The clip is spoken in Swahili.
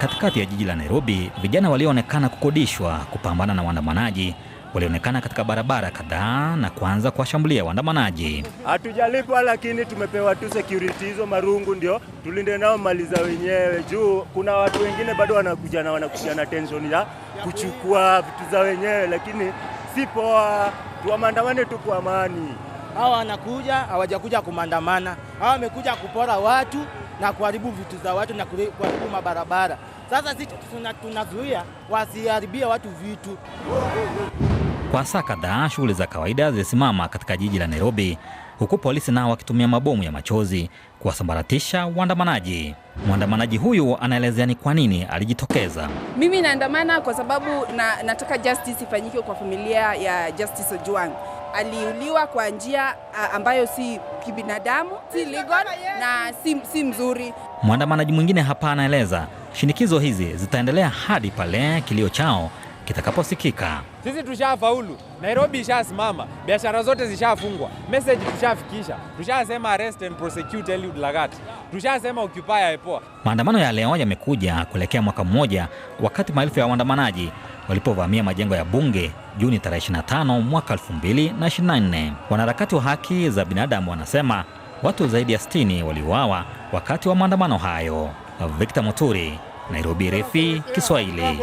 katikati ya jiji la Nairobi, vijana walioonekana kukodishwa kupambana na waandamanaji walionekana katika barabara kadhaa na kuanza kuwashambulia waandamanaji. Hatujalipwa, lakini tumepewa tu security hizo marungu, ndio tulinde nao mali za wenyewe, juu kuna watu wengine bado wanakuja na wanakuja na tension ya kuchukua vitu za wenyewe, lakini si poa, tuwamaandamane tu kwa amani hawa wanakuja hawajakuja kumandamana, hawa wamekuja kupora watu na kuharibu vitu za watu na kuharibu mabarabara. Sasa sisi tunazuia wasiharibia watu vitu. Kwa saa kadhaa shughuli za kawaida zilisimama katika jiji la Nairobi, huku polisi nao wakitumia mabomu ya machozi kuwasambaratisha waandamanaji. Mwandamanaji huyu anaelezea ni kwa nini alijitokeza. Mimi naandamana kwa sababu na, nataka justice ifanyike kwa familia ya Justice Ojwang aliuliwa kwa njia ambayo si kibinadamu, si legal na si, si mzuri. Mwandamanaji mwingine hapa anaeleza shinikizo hizi zitaendelea hadi pale kilio chao kitakaposikika. Sisi tushafaulu, Nairobi ishasimama, biashara zote zishafungwa, message tushafikisha, tushasema arrest and prosecute Eliud Lagat, tushasema occupy IPOA. Maandamano ya leo yamekuja kuelekea mwaka mmoja, wakati maelfu ya waandamanaji walipovamia majengo ya bunge Juni 25 mwaka 2024. Wanaharakati wa haki za binadamu wanasema watu zaidi ya 60 waliuawa wakati wa maandamano hayo. Victor Muturi, Nairobi, RFI Kiswahili.